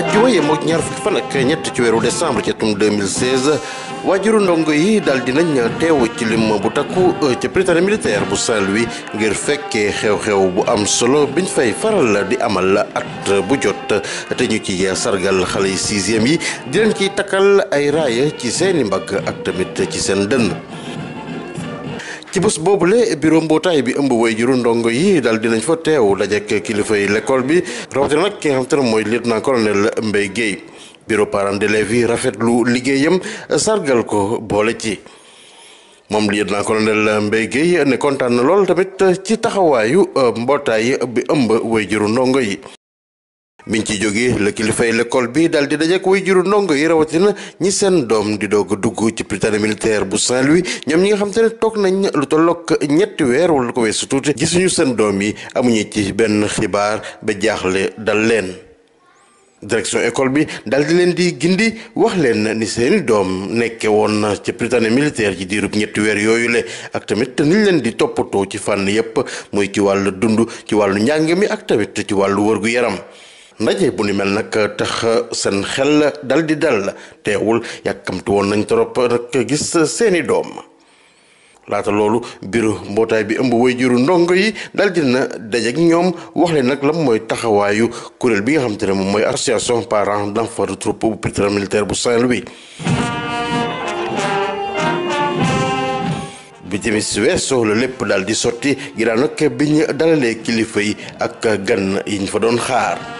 ajoye mo ñaar fukki fan ak ñett ci wéru décembre ci tum 2016 wajuru ndongo yi dal dinañ ñu téw ci lim bu takku eh, ci prétendant militaire bu Saint Louis ngir fekke xew xew bu am solo biñ fay faral di amal at bu jot te ñu ci ya, sargal xalé 6e yi di leen ci takal ay raaya ci seen mbag ak tamit ci seen dënd ci boobu boobule bureau mbootaay bi ëmb way juru ndongo yi daal dinañ fa teew dajek kilifa yi l'école bi rawatina nag ki nga xam te ne mooy lieutenant colonel Mbaye Guèye bureau parents d'élèves yi rafetlu liggéeyam sargal ko boole ci moom lieutenant colonel Mbaye Guèye ne kontaan lool tamit ci taxawaayu mbootaay bi ëmb way juru ndongo yi min ci jogi le kilifay le col bi dal di dajé ko wayjuru nongo yi rawatina ñi sen dom di dogu duggu ci britane militaire bu saint louis ñam ñi nga xam tane tok nañ lu tolok ñett wër wala ko wessu tuti gisunu sen dom yi amuñu ci ben xibar be jaxlé dal leen direction école e. bi dal di len di gindi wax len ni seen dom nekke won ci britane militaire ci dirup ñet wer yoyu le ak tamit ni len di topoto ci fann yep muy ci walu dundu ci walu ñangami ak tamit ci walu wërgu yaram ndaje bu ni mel nag tax seen xel dal di dal teewul yàkkamti woon nañ trop nag gis seeni doom laata loolu biiru mbootaay bi ëmb way juru ndongo yi dal dina dajeek ñoom wax leen nag lan mooy taxawaayu kuréel bi nga xam te ne moom mooy association parents d'enfants de troupe bu pitre militaire bu Saint-Louis bi tamit la lépp dal di sotti ginnaaw nag bi dalalee kilifa yi ak gan yi fa doon xaar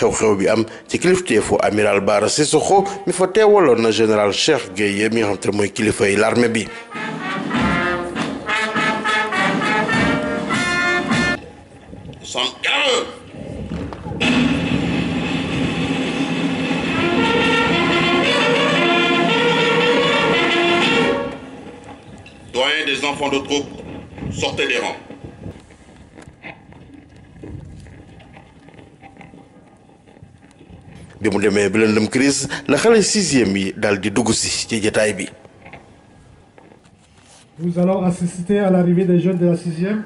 xew-xew bi am ci kilifteefu amiral Bara Cissokho mi fa teewaloon na général Cheikh gueye mi nga xam te ne mooy kilifay l'armée bi. Doyens des enfants de troupe, sortez des rangs. bi demee bi lëndëm crise la xale sixième yi dal di dugg si ci jataay bi. Nous allons assister à l'arrivée des jeunes de la sixième.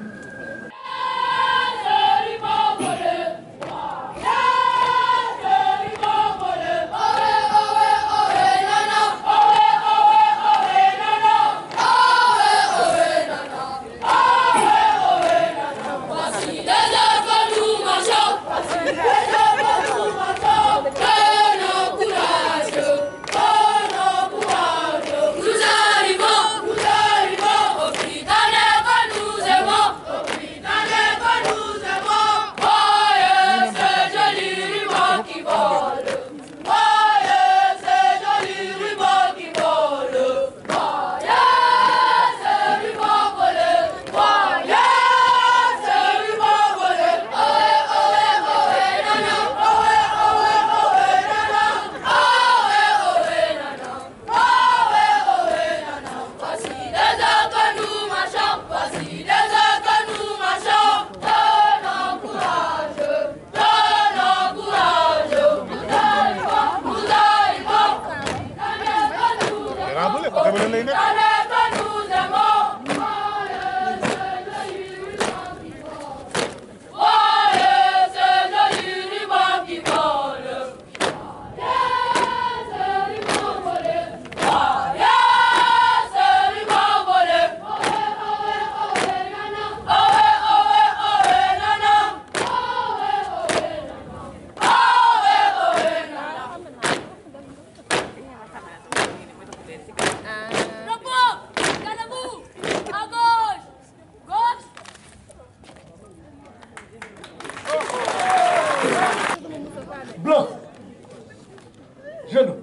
Genoux.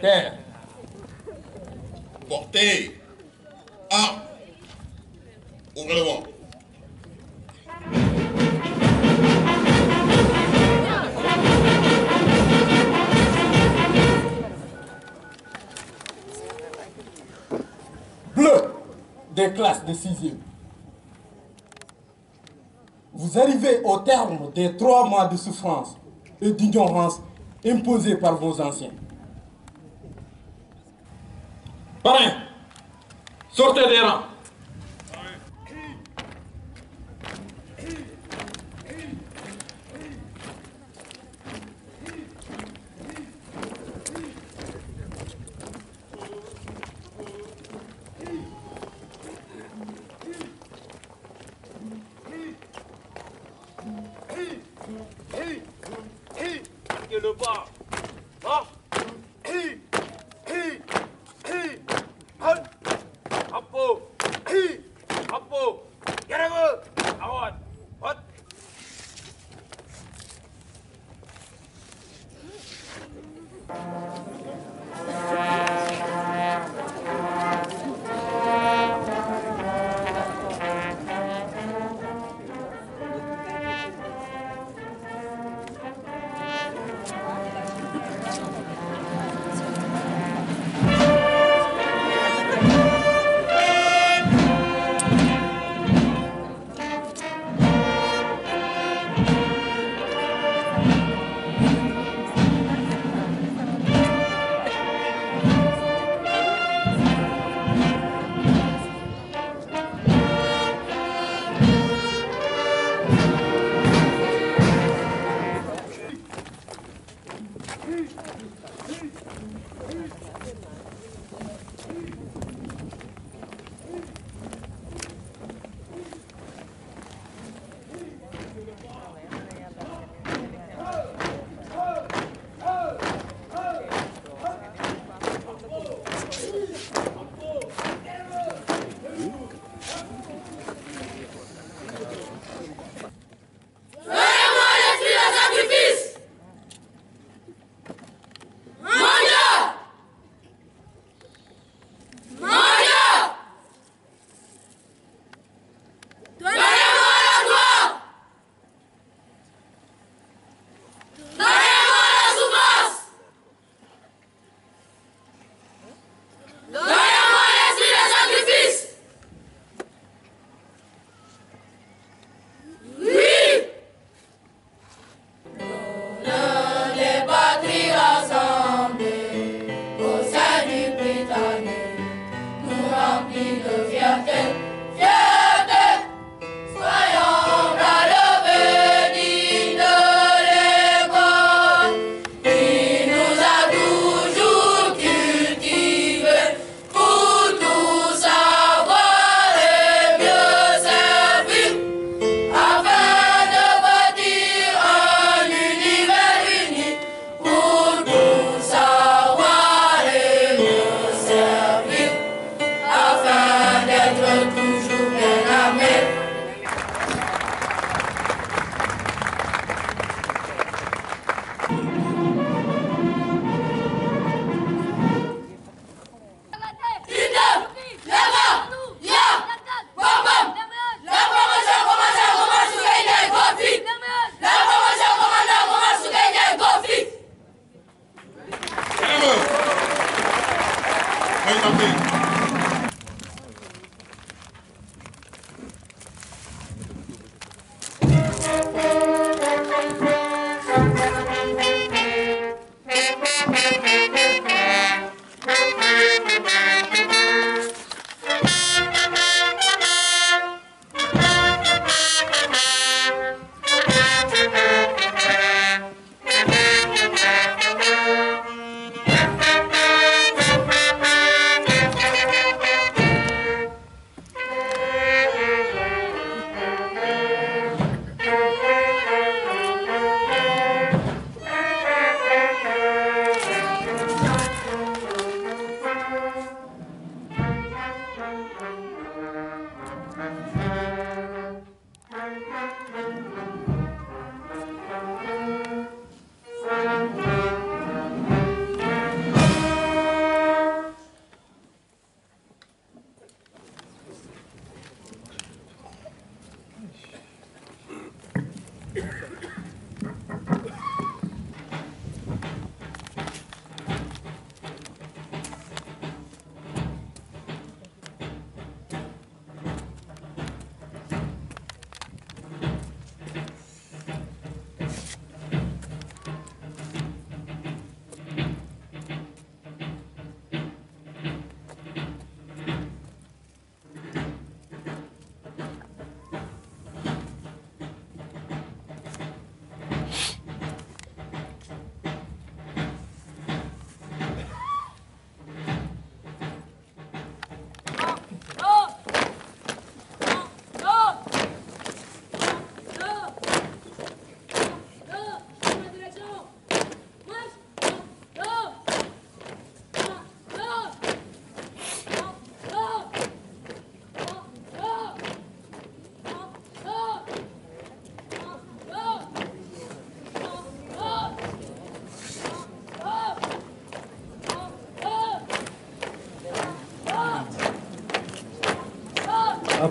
Terre. Portez. Arme. Ouvrez le vent. Bleu des classes de Vous arrivez au terme des trois mois de souffrance et d'ignorance Imposé par vos anciens. Parrain, sortez des rangs.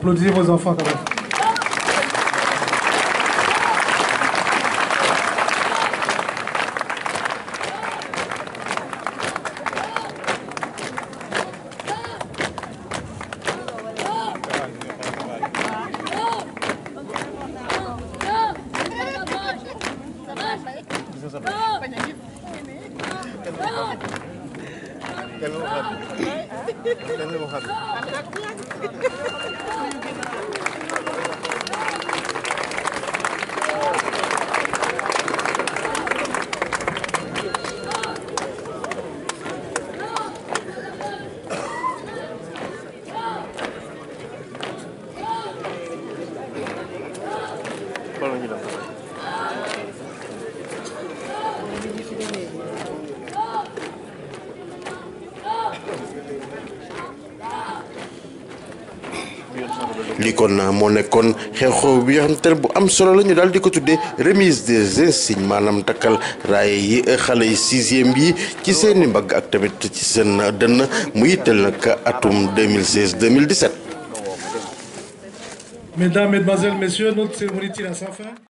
Applaudissez vos enfants quand même. lii kon na moo nekkoon xew-xew bi nga te bu am solo la ñu daal di ko tuddee remise des insignes maanaam takkal raaye yi xale yi sixième yi ci seen i mbagg ak tamit ci seen dënn mu yittal nag atum 2016 2017. Mesdames, Mesdemoiselles, Messieurs,